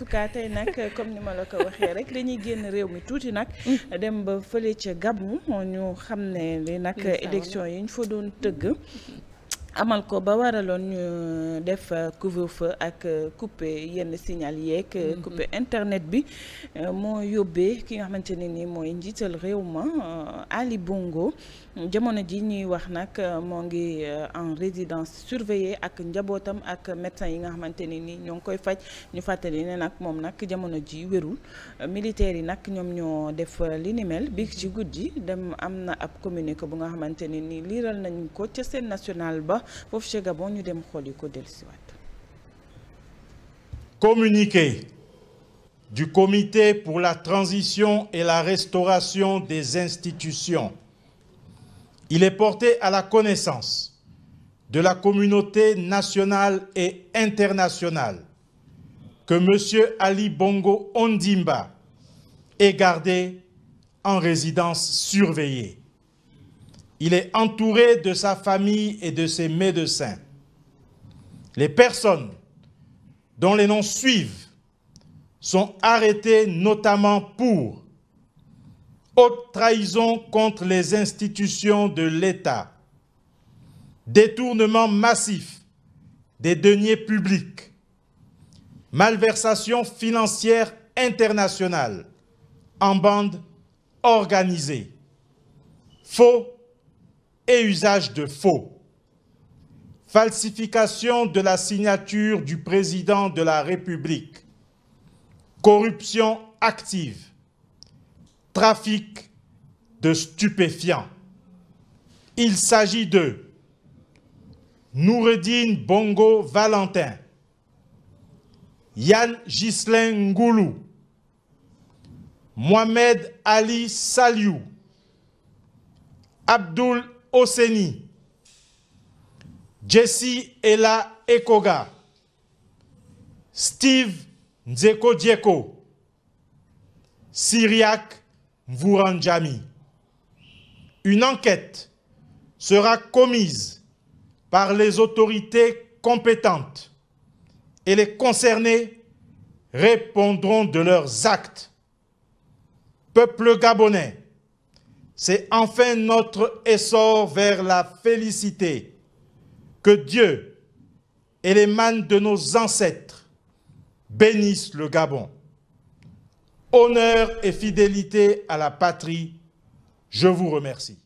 suka tey nag comme ni ma la ko waxee rek dañuy génn réew mi tuuti nag mm. dem ba fële ca Gabon ñoo xam ne li nag élection yi fa doon tëgg amal ko ba waraloon ñu euh, def euh, couvre-feu ak euh, coupé yenn signal yeeg mm-hmm. coupé internet bi moo yóbbee ki nga xamante ne ni mooy njiital réew ma Ali Bongo jamono ji ñuy wax nag moo ngi en résidence surveillée ak njabootam ak médecin yi nga xamante ne ni ñoo ngi koy faj ñu fàttali ne nag moom nag jamono ji wérul militaires yi nag ñoom ñoo def li ni mel bi ci guddi dem am na ab communiqué bu nga xamante ne ni liiral nañ ko ca seen national ba foofu ca ñu dem xool yi ko dellusiwaat. communiqué du comité pour la transition et la restauration des institutions. Il est porté à la connaissance de la communauté nationale et internationale que M. Ali Bongo Ondimba est gardé en résidence surveillée. Il est entouré de sa famille et de ses médecins. Les personnes dont les noms suivent sont arrêtées notamment pour haute trahison contre les institutions de l'État, détournement massif des deniers publics, malversation financière internationale en bande organisée, faux et usage de faux. Falsification de la signature du président de la République. Corruption active. Trafic de stupéfiants. Il s'agit de Noureddine Bongo Valentin, Yann Ghislain Mohamed Ali Saliou, Oseni, Jessie Ella Ekoga, Steve Nzeko Dieko, Syriac Mvouranjami. Une enquête sera commise par les autorités compétentes et les concernés répondront de leurs actes. Peuple gabonais, C'est enfin notre essor vers la félicité que Dieu et les mânes de nos ancêtres bénissent le Gabon. Honneur et fidélité à la patrie, je vous remercie.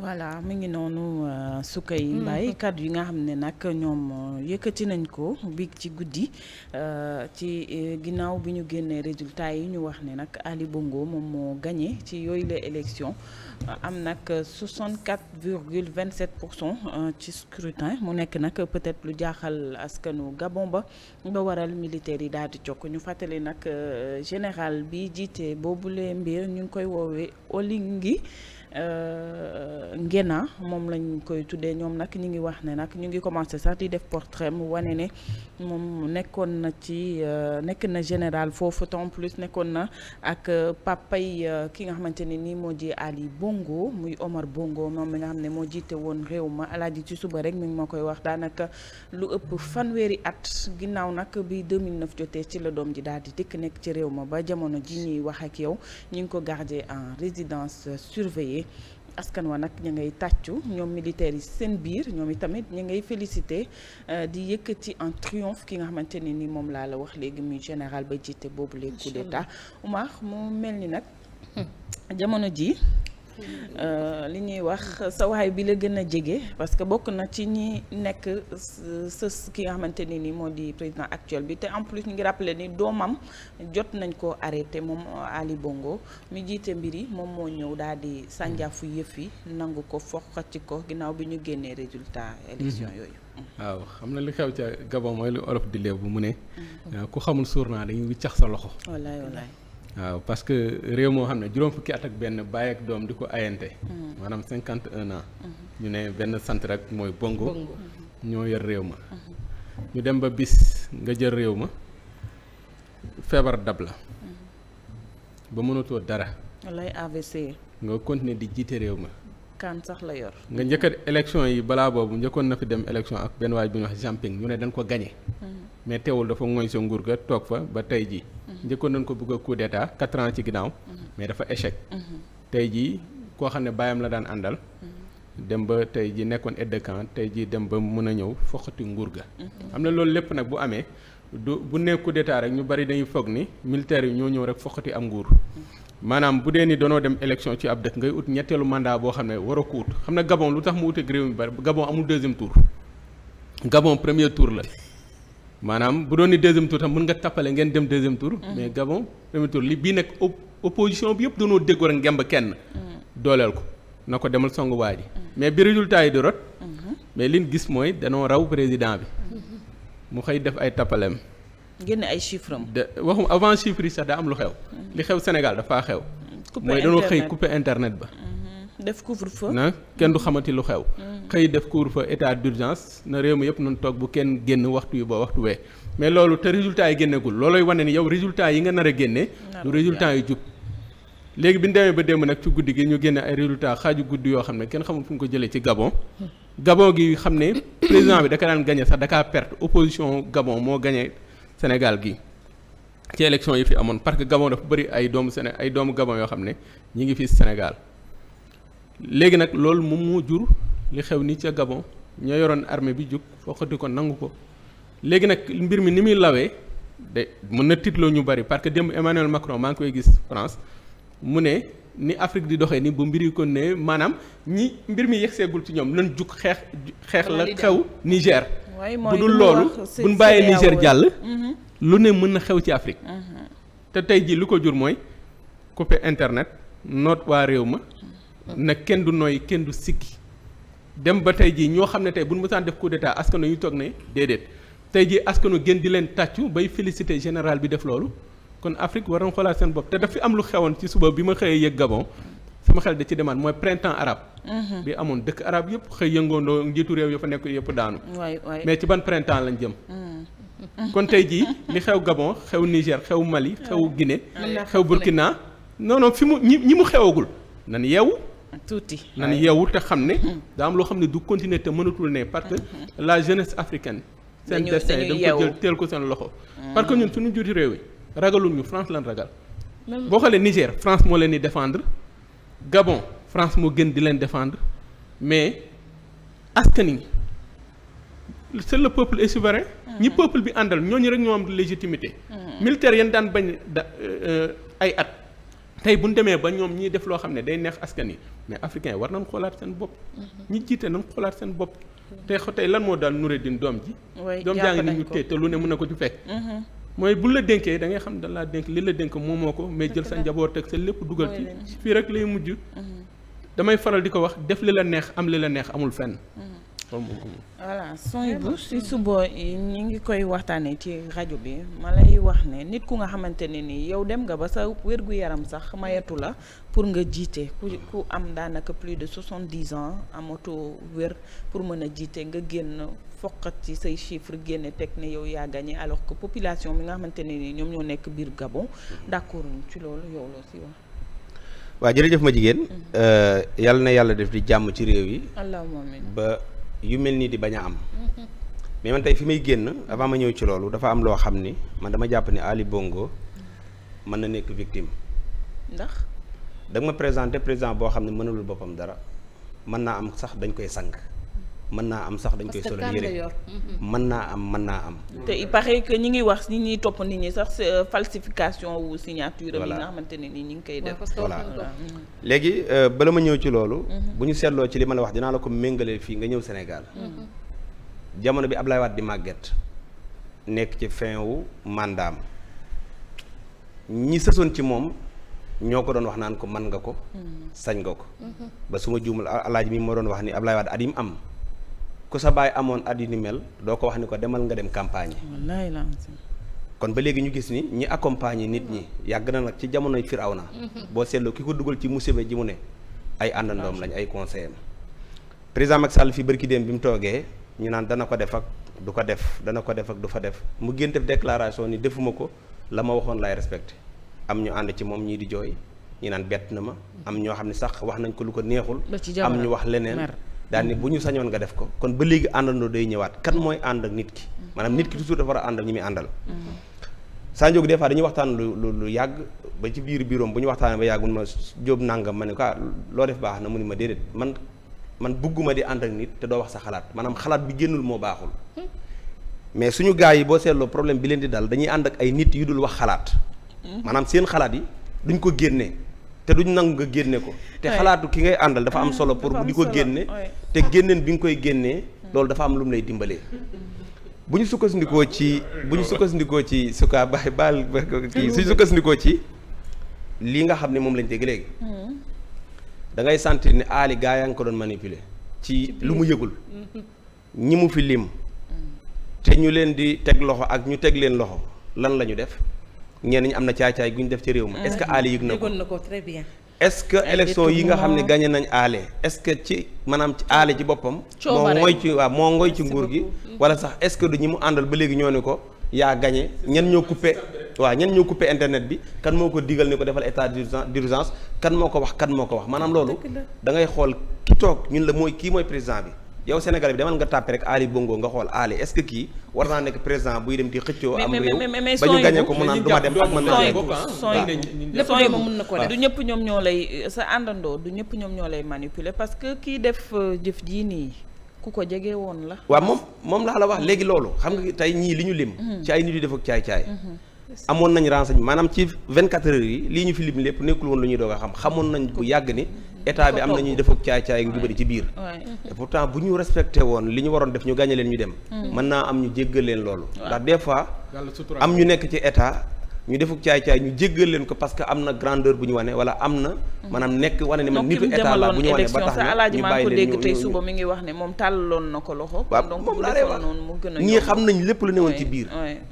voilà mu ngi noonu euh, Soukey mm-hmm. Mbaye kàddu yi nga xam ne nag ñoom euh, yëkkati nañ ko bi ci guddi euh, ci ginnaaw bi ñu génnee résultat yi ñu wax ne nag Ali Bongo moom moo gagné ci yooyu la élection am nag 64 virgule 27 pour cent ci scrutin mu nekk nag peut-être lu jaaxal askanu Gabon ba ba waral militaires yi daal di jokk ñu fàttali nag général bi jiite boobule mbir ñu ngi koy woowee Olingi. Euh, Ngena moom lañ koy tuddee ñoom nag ñu ngi wax ne nag ñu ngi commencé sax di def portrait mu wane ne moom nekkoon na ci euh, nekk na général foofu en plus nekkoon na ak euh, papay ki nga xamante ne nii moo ji Ali Bongo muy Omar Bongo moom mi nga xam ne moo jiite woon réew ma alaaji ci suba rek mi ngi ma koy wax daanaka lu ëpp fanweeri at ginnaaw nag bi 2009 jotee ci la doom ji daal di dikk nekk ci réew ma ba jamono ji ñuy wax ak yow ñu ngi ko gardé en résidence surveillée. bi askan wa nag ñu ngay tàccu ñoom militaires yi seen biir ñoom itamit ñu ngay félicité euh, di yëkkati en triomphe ki nga xamante ne ni moom laa la wax léegi muy général ba jiite boobu les coups d'état Oumar mu mel ni nag jamono ji Euh, li ñuy wax sa waay bi la gën a jege parce que bokk na ci ñi nekk sës ki nga xamante ni nii moo di président actuel bi te en plus ñu ngi rappeler ni doomam jot nañ ko arrêté moom Ali Bongo mi jiite mbir yi moom moo ñëw daal di sànjaafu yëf yi nangu ko ci ko ginnaaw bi ñu génnee résultat élection mhm. yooyu. waaw xam na li xew ca Gabon mooy lu olof di léew bu mu ne. Mhm. ku xamul suur naa dañuy cax sa loxo. wallaay wallaay. waaw parce que réew moo xam ne juróom fukki at ak benn bàyyi ak doom di ko ayante mm-hmm. maanaam cinquante un naa mm-hmm. ñu ne benn sant rek mooy bongo mm-hmm. ñoo yor réew ma ñu dem ba bis nga jël réew ma feebar dab la ba mënatoo dara lay AVC nga continuer di jiite réew ma kan sax la yor nga njëkkat élection yi balaa boobu njëkkoon na fi dem élection ak benn waay bu ñuy wax jumping ñu ne dañ ko gañe mais teewul dafa ngoy sa nguur ga toog fa ba tey ji njëkkoon nañ ko bëgg a coup d'état quatre ans ci ginnaaw mm-hmm. mais dafa échec mm-hmm. tey jii koo xam ne bàyyam la daan àndal mm-hmm. dem ba tey ji nekkoon aide de camp tey ji dem ba mun a ñëw foqati nguur ga am na loolu lépp nag bu amee du bu nekk coup d'état rek ñu bari dañuy foog ni militaire yi ñoo ñëw rek foqati am nguur maanaam bu dee nii danoo dem élection ci ab dëkk ngay ut ñetteelu mandat boo xam ne wara a ko ut xam na Gabon lu tax mu ut ak réew mi bari Gabon amul deuxième tour Gabon premier tour la maanaam bu doon ni deuxième tour tam mën nga tappale ngeen dem deuxième tour. Mm-hmm. mais Gabon premier li bi nag opposition bi yëpp dañoo déggoo rek ngemb kenn. Mm-hmm. dooleel ko na ko demal songu waa ji. Mm-hmm. mais bi résultat yi di rot. mais liñ gis mooy danoo raw président bi. mu xëy def ay tappaleem. génne ay chiffres de waxum avant chiffres yi sax daa am lu xew. li xew Sénégal dafaa xew. mooy danoo xëy couper internet ba. def couvre-feu na kenn du xamati lu xew. Mm. xëy def couvre-feu état d'urgence na réew mi yëpp nañ toog bu kenn génn waxtu yu ba waxtu wee mais loolu te résultat yi génneegul loolooy wane ni yow résultat yi nga nar a génne. du résultat yu jub. léegi bi ñu demee ba dem nag ci guddi gi ñu génne ay résultats xaaju guddi yoo xam ne kenn xamul fu ñu ko jëlee ci Gabon. Gabon gi xam ne président bi da ka daan gagné sax da kaa perte opposition Gabon moo gagné Sénégal gi. ci élection yi fi amoon parce que Gabon dafa bëri ay doomu Séné doomu Gabon yoo xam ne ñi ngi fii Sénégal. léegi nag loolu moom moo jur li xew ni ca Gabon ñoo yoroon armée bi jóg foqati ko nangu ko léegi nag mbir mi ni muy lawee de mën na tiitloo ñu bari parce que dem Emmanuel Macron maa koy gis France mu ne ni Afrique di doxee ni bu mbir yi ko ne maanaam ñi mbir mi yegseegul ci ñoom lan jug xeex xeex la xew Niger bu dul loolu buñ bàyyee Niger jàll mhm. lu ne mën na xew ci Afrique mhm. te tey ji lu ko jur mooy couper internet noot waa réew ma na kenn du nooy kenn du sikki dem ba tey jii ñoo xam ne tey bu ñu mësaan def coup d'état askanu yu toog ne déedéet tey jii askanu gën di leen tàccu bay félicité général bi def loolu kon Afrique war na xoolaat seen bopp te daf fi am lu xewoon ci suba bi ma xëyee yëg Gabon sama xel da ci demaat mooy printemps arabe. Mhm. bi amoon dëkk arabe yëpp xëy yëngoondoo njiitu réew ya fa nekk yëpp daanu. mais ci ban printemps lañ jëm. Mhm. kon tey jii li xew Gabon xew Niger xew Mali xew Guinée. xew Burkina non non fi mu ñi ñi mu xewagul nan yeewu. tuuti nan yeewu te xam ne daa am loo xam ne du continuer te mënatul ne parce que la jeunesse africaine seen destin dañ jël teel ko seen loxo parce que ñun suñu juuti réew yi ragalul ñu France lan ragal boo xoolee Niger France moo leen di défendre Gabon France moo gën di leen défendre mais askan yi c'est le peuple est souverain ñi peuple bi àndal ñooñu rek ñoo am légitimité militaire yan daan bañ da euh, euh, ay at tey bu ñu demee ba ñoom ñiy def loo xam ne day neex askan yi mais africain yi war nañ xoolaat seen bopp. Mm-hmm. ñi jiite nañ xoolaat seen bopp. te xo lan moo daal Noureddine doom ji. doom jaa ngi ni ñu téye te lu ne mën na ko ci fekk. Mm-hmm. mooy bu la dénkee da ngay xam da laa dénk li la dénk moomoo ko mais jël sa njaboot ak sa lépp dugal ci fii rek lay mujj. Mm-hmm. damay faral di ko wax def li la neex am li la neex amul fenn. tomb moomu. voilà sooy bu si suba ñi ngi koy waxtaanee ci rajo bi ma lay wax ne nit ku nga xamante ne ni yow dem nga ba sa wér-gu-yaram sax mayatu la pour nga jiite ku ku am daanaka plus de soixante-dix ans amatoo wér pour mën a jiite nga génn foqat ci say chiffres génne teg ne yow yaa gagné alors ko population bi nga xamante ne ni ñoom ñoo nekk biir Gabon d'accord ci loolu yow loo si wax. waa jërëjëf ma jigéen mm-hmm. euh, yàlla na yàlla def di jàmm ci réew yi ba yu mel nii di bañ a am mais man tey fi may génn avant ma ñëw ci loolu dafa am loo xam ni man dama jàpp ni Ali Bongo mën na nekk victime. ndax. da ma présenté président boo xam ne mënalul boppam dara mën naa am sax dañ koy sang. mën naa am sax dañ koy solal yére mhm. mën naa am mën naa am te il ñi ngi wax ñi ñuy topp nit ñi sax euh, falsification wu signature am yi nga xamante ne nii ñi ngi koy def voilà mhm. léegi euh, bala ma ñëw ci loolu mhm. bu ñu seetloo ci li ma la wax dinaa la ko méngalee fii nga ñëw Sénégal jamono bi Ablaye Wade di màgget nekk ci fin wu mandaam ñi sësoon ci moom ñoo ko doon wax naan ko man nga ko sañ nga ko ba su ma juumal alaaji mi moo doon wax ni Ablaye Wade at yi mu am ku sa baay amoon at mel doo ko wax ni ko demal nga dem campagne wallaay la kon ba léegi ñu gis ni ñi accompagner nit ñi yàgg na nag ci jamonoy na boo seetloo ki ko dugal ci musiba ji mu ne ay àndandoom lañ ay conseillers président Macky Sall fi bërki démb bi mu toogee ñu naan dana ko def ak du ko def dana ko def ak du fa def mu génte def ni defuma ko la ma waxoon lay respecte am ñu ànd ci moom ñii di jooy ñi naan bett na ma am ñoo xam ne sax wax nañ ko lu neexul daal ni bu ñu sañoon nga def ko kon ba léegi àndandoo day ñëwaat kan mooy ànd ak nit ki maanaam nit ki toujours dafa war a ànd ak ñi muy àndal mm-hmm. saa Ndiogou des fois dañuy waxtaan lu lu lu yàgg ba ci biir biiroom bu ñu waxtaan ba yàgg ma jóob nangam ma ne ko ah, loo def baax na mu ni ma déedéet man man bugguma di ànd ak nit te doo wax sa xalaat maanaam xalaat bi génnul moo baaxul hmm. mais suñu gars yi boo seetloo problème bi leen di dal dañuy ànd ak ay nit yu dul wax xalaat hmm. maanaam seen xalaat yi duñ ko génnee te duñ nangu nga génne ko te xalaatu ki ngay àndal dafa am mm, solo pour bu di ko génne te génneen bi nga koy génnee loolu dafa am lu mu lay dimbalee bu ñu sukkandikoo ci bu ñu sukkandikoo ci sukaa baay baal kii suñu sukkandikoo ci lii nga xam ne moom lañ dégg léegi mm. da ngay sentir ne aali gaa yaa ngi ko doon manipuler ci lu mu yëgul ñi mu fi lim mm. te ñu leen di teg loxo ak ñu teg leen loxo lan la ñu def ñenn ñi am na caay-caay gu ñu def ci réew ma est-ce que aale ah, yëg na ko yëgoon na ko très bien est-ce yi nga xam ne gagné nañ ale est-ce que ci maanaam ci aale ci boppam moo ngoy ci waa moo ngoy ci nguur gi mm-hmm. wala sax est-ce que du ñi mu àndal ba léegi ñoo ni ko yaa gagné ñen ñoo coupé waa ñen ñoo coupé internet bi kan moo ko digal ni ko defal état d'urgence kan moo ko wax kan moo ko wax maanaam loolu da ngay xool ki toog ñu la mooy kii mooy président bi yow Sénégal bi demal nga tàppe rek Ali Bongo nga xool Ali est kii war naa nekk président buy dem di xëccoo. am réew ba ñu ko mu naan du ma dem ak man naa dem ñëpp ñoom ñoo lay sa àndandoo du ñëpp ñoom que kii def euh, jëf jii nii ku ko jege woon la. waaw moom moom laa la wax léegi loolu xam nga tey ñii li ñu lim. Mhm. ci ay nit yu def ak caay caay. Mhm. maanaam ci 24 heures yi lii ñu fi lim lépp nekkul woon lu ñuy doog a xam xamoon nañ ko yàgg ni état bi am na ñuy def ak caay-caay gu bëri ci biir et pourtant bu ñu respecté woon li ñu waroon def ñu gàññe leen ñu dem mm. mën naa am ñu jéggal leen loolu ndax des fois am ñu nekk ci état ñu defuk caay-caay ñu jéggal leen ko parce que am na grandeur bu ñu wanee wala am na mm. maanaam nekk wane ne man nitu état la bu ñu wane ba tax na ngi ko ne moom tàllaloon na ko loxo waaw donc moom laa a ñii xam nañ lépp lu ne woon ci biir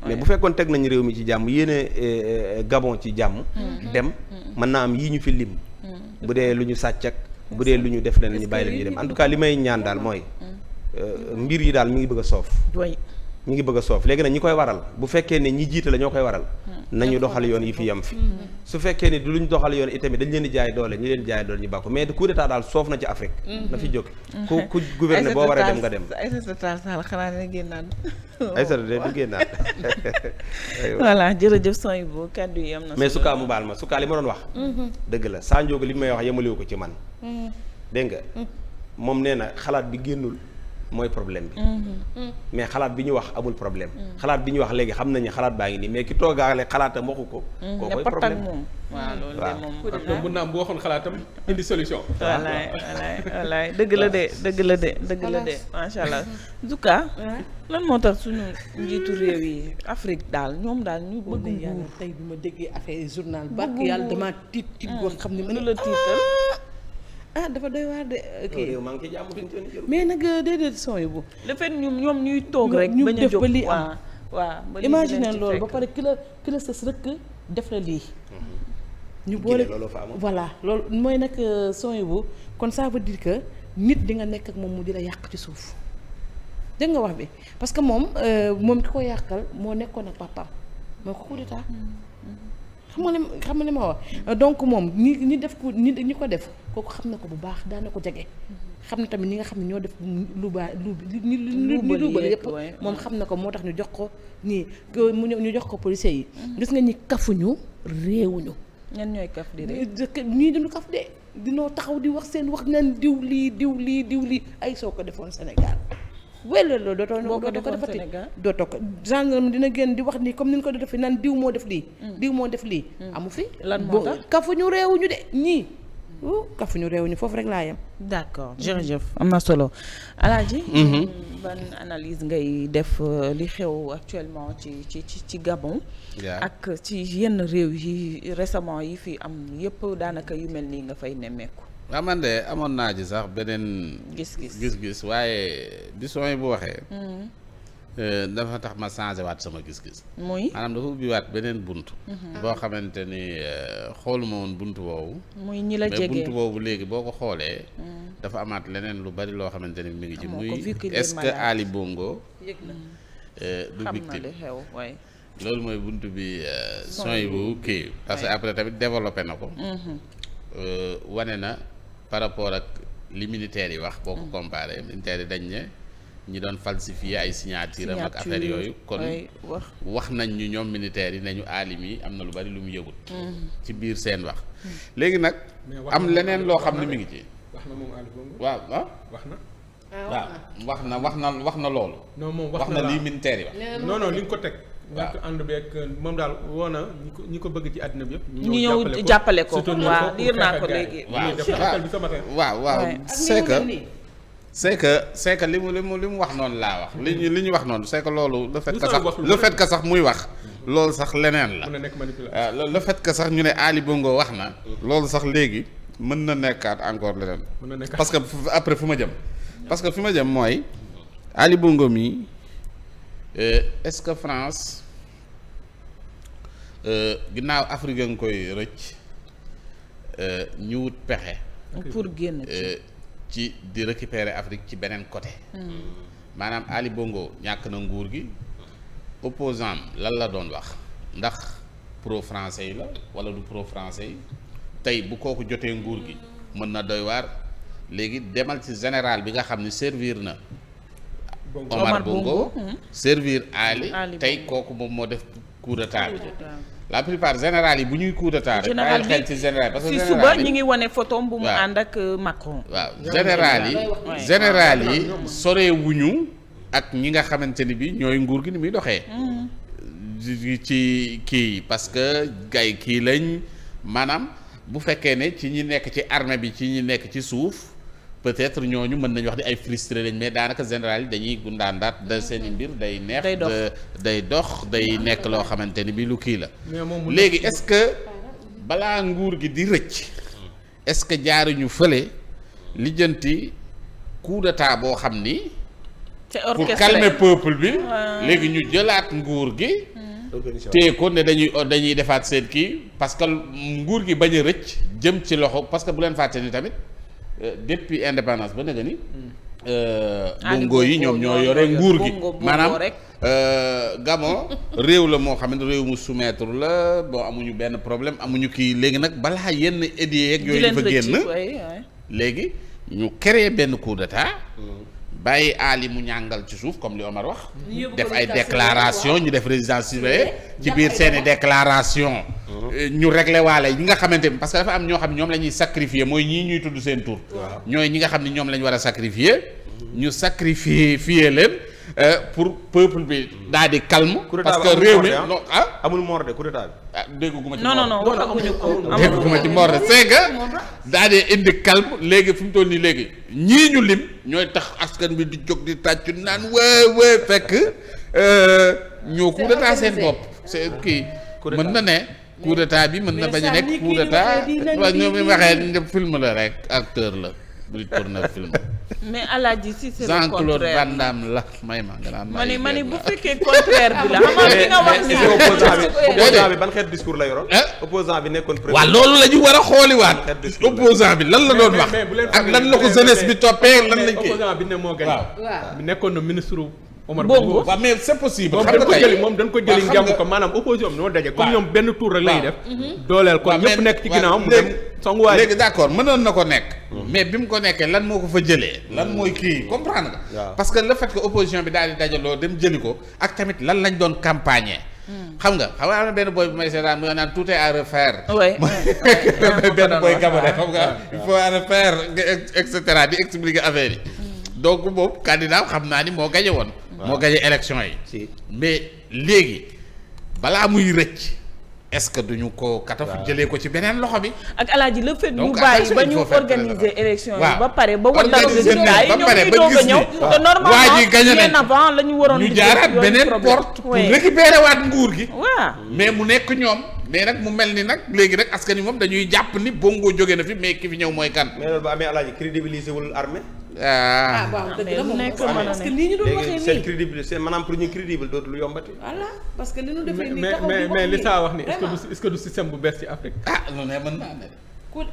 mais bu fekkoon teg nañu réew mi ci jàmm yéene euh, euh, Gabon ci jàmm mm. dem mën naa am yii ñu fi li bu dee lu ñu sàcc bu dee lu ñu def leen ñu bàyyi dem en tout cas li may ñaan daal mooy euh, mbir yi daal mi ngi bëgg a soof ñu ngi bëgg a soof léegi nag ñi koy waral bu fekkee ne ñi jiite la ñoo koy waral hmm. nañu doxal yoon yi fi yem fi hmm. su fekkee ne du luñ doxal yoon itamit dañ leen di jaay doole ñi leen jaay doole ñu bàkku mais coup d'état daal soof na ci Afrique hmm. na fi jóg ku ku gouverner boo waree dem nga dem Aïssata Tall Sall xanaa dina génnaat Aïssata de du génnaat voilà jërëjëf sooy bu kaddu na mais sukaa mu baal ma sukaa li ma doon wax dëgg la Sanjoogu li may wax yemaliwu ko ci man dégg nga moom nee na xalaat bi génnul mooy problème bi. Mm-hmm. Mm-hmm. mais xalaat bi ñu wax amul problème. Mm-hmm. xalaat bi ñu wax léegi xam nañu xalaat baa ngi nii mais ki toogaale xalaatam waxu ko. kookoy problème moom. waaw loolu de moom bu waxoon xalaatam indi solution. wallaay wallaay wallaay dëgg la de dëgg la de dëgg la de macha allah. en lan moo tax suñu njiitu réew yi Afrique daal ñoom daal ñu bëgg nguur. tey bi ma déggee affaire journal. bëgg yàlla damaa tiit tiit boo mm. xam ne mën la tiital. Ah! ah dafa doy waar de. Euh, mais nag euh, déedéet son yi bu. le fait ñoom ñoom ñuy toog rek. ñu def ba lii am waaw imagine loolu ba pare ki la ki la sës rëkk def la lii. Mhm. ñu boole voilà loolu mooy nag euh, son yi bu kon ça veut que nit di nga nekk ak moom mu di la ci suuf. dégg nga wax bi parce que moom moom ki ko yàqal moo nekkoon ak papaam mooy ko mm-hmm. xam nga li xam moom ñi ñi def ko ñi ñi ko def. kooku xam na ko bu baax daan na ko jege. xam na tamit ñi nga xam ne ñoo def lu baa lu lu lu luubal yëpp moom xam na ko moo tax ñu jox ko nii mu ñu jox ko policiers yi. Mm-hmm. gis nga ñi kafuñu réewuñu. ñan ñooy kaf di de. ñii duñu kaf de dinoo taxaw di wax seen wax naan diw lii diw lii diw lii ay soo ko defoon Sénégal. wele loolu dootoo ko defati dootoo ko gendarme dina génn di wax ni comme ni ñu ko defee naan diw moo def lii. Mm. diw moo def lii. Mm. amu fi. lan moo tax kafuñu réewuñu de ñii. kafuñu réew ñu foofu rek laa yem. d' accord jërëjëf am na solo Alaaji. Mhm. ban analyse ngay def euh, li xew actuellement ci ci ci ci Gabon. ak ci yenn réew yi récemment yi fi am yëpp daanaka yu mel nii nga fay nemmeeku. waaw ah, man amoon naa ji sax beneen. gis-gis gis waaye waaye bi sooy bu waxee. Mhm. Euh, dafa tax ma changé waat sama gis-gis. muy maanaam dafa ubbi waat beneen bunt. Mm-hmm. boo xamante ni euh, xooluma woon bunt boobu. bunt boobu léegi boo ko xoolee. Mm. dafa amaat leneen lu bari loo xamante ni mi ngi ci. muy est-ce que Ali Bongo. yëg euh, victime loolu mooy bunt bi son bu kii parce que après tamit développé na ko. Mm-hmm. wane na par rapport ak li militaires yi wax. boo ko mm. comparé militaires yi dañ ne. ñi doon falsifier ay signature am ak affaire yooyu kon wax nañ ñu ñoom militaires yi nañu aalim yi am na lu bari lu mu yëgut mhm. ci biir seen wax mhm. léegi nag am leneen loo xam ne mi ngi ci wax waaw ah wax na ah, waaw wax na wax na wax na loolu non moom wax na lii yi wax non li nga ko teg waaw moom daal woo na ñi ko bëgg ci àddina bi yëpp. ñu ñëw jàppale ko surtout ñëw waaw liir c'est que c'est que li mu li mu li mu wax noonu laa wax li ñu li ñu wax noonu c'est loolu le fait que sax le fait que sax muy wax loolu sax leneen la euh, le fait que sax ñu ne Ali wax na loolu sax léegi mën na nekkaat encore leneen parce que après fu ma jëm parce que fi ma jëm mooy Ali Bongo mi euh, est-ce que France euh, ginnaaw Afrique nga koy rëcc ñu wut pexe génn ci di récupérer Afrique ci beneen côté. Hmm. maanaam Ali Bongo ñàkk na nguur gi. opposant lan la doon wax ndax pro français yi la wala du pro français yi tey bu kooku jotee nguur gi mën na doy waar léegi demal si général bi nga xam ni servir na. Omar Bongo hmm. servir Ali tey kooku moom moo def coup la plupart général yi bu ñuy coup d'état rek. général xel ci que général suba ñu ngi wane photom bu mu ànd ak euh, Macron. waaw général yi général yi sorewuñu ak ñi nga xamante ni bi ñooy nguur gi ni muy doxee. Mm-hmm. ci kii parce que gay kii lañ maanaam bu fekkee ne ci ñi nekk ci armée bi ci ñi nekk ci suuf. peut-être ñooñu mën nañu wax di ay frustré lañ mais daanaka général yi dañuy gundaandaat da seen i mbir day neex day dox day nekk loo xamante ni bi lu kii la léegi est-ce que balaa nguur gi di rëcc est-ce que jaaruñu fële lijjanti coup boo xam ni pour calmer peuple bi léegi ñu jëlaat nguur gi hmm. tée ne dañuy dañuy defaat seen kii parce que nguur gi bañ a rëcc jëm ci loxo parce que bu leen fàtte ni tamit Euh, depuis indépendance ba nga ni. Hmm. Euh, ah, bongo yi ñoom ñoo yore nguur gi maanaam euh, Gabon réew la moo xam ne réew mu sumetre la boo amuñu benn problème amuñu kii léegi nag balaa yenn édits yeeg yooyu dafa génn léegi ñu créer benn coup d'état hmm. bàyyi aali mu ñàngal ci suuf comme li Omar wax. def ay déclaration ñu def résidence surveillée ci biir seeni déclaration. Euh, ñu réglé waale ñi nga xamante ni que dafa am ñoo xam ñoom la ñuy sacrifier mooy ñii ñuy tudd seen tur. ñooy ñi nga xam ne ñoom lañu war a sacrifier. ñu sacrifier leen. Euh, pour peuple bi daal di calme. parce que réew mi ah. ah. amul morde coup d'état bi. ah dégguma ci. non non non dégguma ci morde c'est que daal di indi calme léegi fi mu toll nii léegi ñii ñu lim ñooy tax askan bi di jóg di tàcc naan wéy wéy fekk euh, ñoo coup d'état seen bopp. c'est kii mën na ne. coup bi mën na bañ a nekk coup d'état ñoom ñu waxee film la rek acteur la. buy tourner film. mais Alaaji si c'est le contraire claude Van la may ma nga naan ma ni ma ni bu fekkee contraire bi la xam nga li nga wax nii. opposant bi ban xeet discours la yoroon. opposant bi nekkoon président. waaw loolu la ñu war a xooliwaat. opposant bi lan la doon wax. ak lan la ko jeunesse bi toppee lan lañ koy. opposant Omar boobu waaw mais c'est possible. xam nga moom dañ ko jëli moom dañ ko jëli ngemu ko maanaam opposition bi ñoo daje. waaw comme ñoom benn tour rek lay def. Mhm. dooleel ko ñëpp nekk ci ginnaaw mu léegi d'accord mënoon na ko nekk. Mhm. mais bi mu ko nekkee lan moo ko fa jëlee. lan mhm. mooy kii comprendre nga. parce que le fait ko opposition bi daal di dajaloo dem jëli ko ak tamit lan lañ doon campagne xam nga xam nga am na benn boy bu may seetaan mu naan tout est à refaire. oui benn boy Gabon xam nga il faut à refaire et cetera di expliquer affaire yi. donc ni moo gañe woon moo gagné élection yi mais léegi balaa muy rëcc est-ce que duñu ko kataf jële ko ci beneen loxo bi ak alaaji le fait ñu bàyyi ba ñu organiser élection yi ba pare ba wan la résultat yi ñoom ñuy doog a ñëw te normalement bien la ñu waroon ñu jaaraat beneen porte pour récupérer waat nguur gi waaw mais mu nekk ñoom mais nag mu mel ni nag léegi nag askan wi moom dañuy jàpp ni bongo jóge na fi mais ki fi ñëw mooy kan mais loolu ba amee alaaji ah waaw ah, dëgg la moom parce que nii ñu doon waxee nii seen pour ñu crédible dootul yombati. voilà parce que li ñu defee nii mais mais li saa wax ni est-ce que du est-ce que du système bu bees ci Afrique. ah non mais mën naa ne. ku.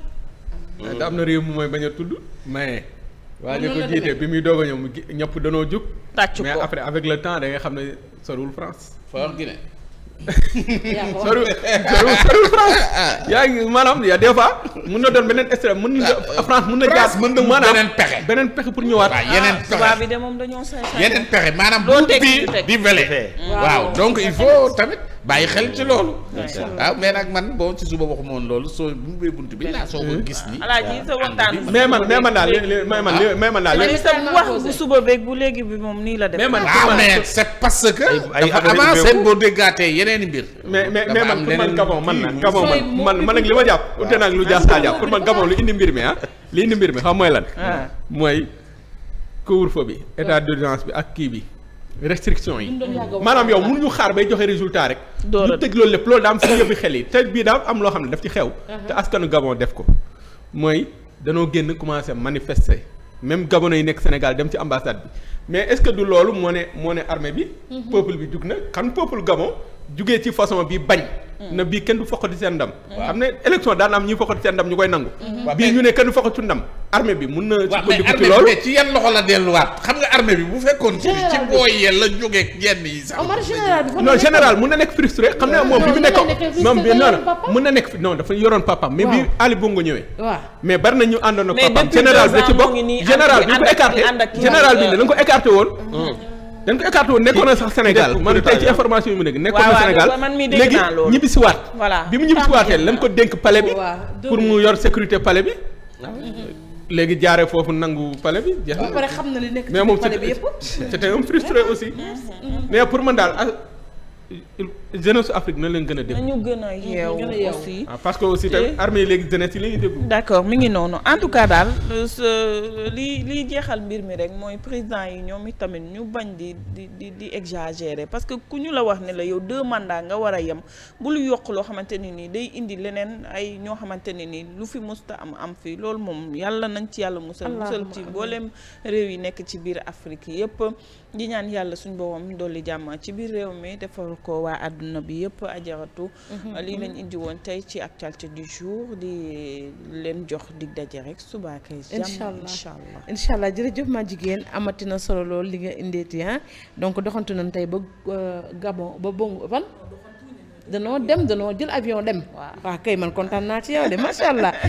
te am na réew mu mooy bañ a tudd mais. waa ñu ko jiite bi muy doog a ñëw ñëpp danoo jóg. tàcc ko après avec le temps da nga xam ne sorul France. fort Guinée. soriwul oh. soriwul France yaa ngi maanaam yaa des fois mën na doon beneen extrait mën na France mën na jaar mën na maanaam beneen pexe beneen pexe pour ñëwaat waaw yeneen ah. pexe moom dañoo yeneen pexe maanaam bu bi di vele waaw donc il faut tamit bàyyi xel ci loolu. waaw mais nag man bon ci suba waxuma woon loolu soo bu ubbee bunt bi laa eh. soo ko gis nii. alaaji sa waxtaan mais man mais man daal léegi mais man ah. mais man daal léegi. sa wax bu suba beeg bu léegi bi moom nii la def. mais man waaw ah, parce que. ay dafa yeneen mbir. mais mais mais man pour man Gabon man man nag li ma jàpp ah. ute nag lu jaastaa jàpp pour man Gabon lu indi mbir mi ah li indi mbir mi xam mooy lan. mooy couvre-feu bi état d'urgence bi ak kii bi. restriction yi maanaam yow mënuñu xaar bay joxe résultat rek ñu tëj loolu lépp loolu daa am si yóbbi xel yi te bii daa am loo xam ne daf ci xew uh-huh. te askanu Gabon def ko mooy danoo génn commencé manifester même Gabon yi nekk Sénégal dem ci ambassade bi mais est-ce que du loolu moo ne moo ne armée bi mm-hmm. peuple bi jug na kan peuple Gabon jugee ci façon bi bañ. Mm. na bii kenn du foqati seen ndam. xam ne élection daan am ñuy foqati seen ndam ñu koy nangu. Mm-hmm. bii ñu ne kenn du foqati ndam. armée bi mun na. sukkandiku ci loolu ci yan loxo la delluwaat. xam nga armée bi bu fekkoon. ci ci booy jógee yenn yi sax. mun na nekk frustré xam ne moom bi mu nekkoon. moom bi non non mun na nekk fi non dafa yoroon papaam. mais bi Ali Bongo ñëwee. waaw mais bari na ñu àndoon ak papaam. général bi da ci bokk général bi ko écarté général bi la ko écarté woon euh, dañ ko écarté woon nekkoon na sax Sénégal man tey ci information yi mu nekk nekkoon na Sénégal léegi ñibbisiwaat bi mu ñibbisiwaatee lañ ko dénk palais bi pour mu yor sécurité palais bi ah, léegi jaaree foofu nangu palais bi. jeex na xam na nekk ci palais mais moom c'était un frustré mais pour man daal ah, il jeunesse su Afrique na leen gën a déglu. nañu gën a yeewu aussi. Ah, parce que aussi tamit armée léegi jeunesse yi la ñuy déglu. ngi noonu en daal euh, euh, li liy jeexal mbir mi rek mooy président yi ñoom itamit ñu bañ di di di di exagérer parce que ku ñu la wax ne la yow deux mandats nga war a yem bul yokk loo xamante ne nii day indi leneen ay ñoo xamante ne nii lu fi musta am am fii loolu moom yàlla nañ ci yàlla musal. musal ci mboolem réew yi nekk ci biir Afrique yëpp di ñaan yàlla àdduna bi yëpp ajaratu mhm, lii mhm. lañ indi woon tey ci actualité du jour di leen jox dig daje rek suba ak jàmm incha allah incha allah jërëjëf ma jigéen amati na solo lool li nga indeeti ah donc doxantu na tey ba euh, Gabon ba Bongo ban danoo dem danoo jël avion dem waaw kay man kontaan naa ci yow de macha allah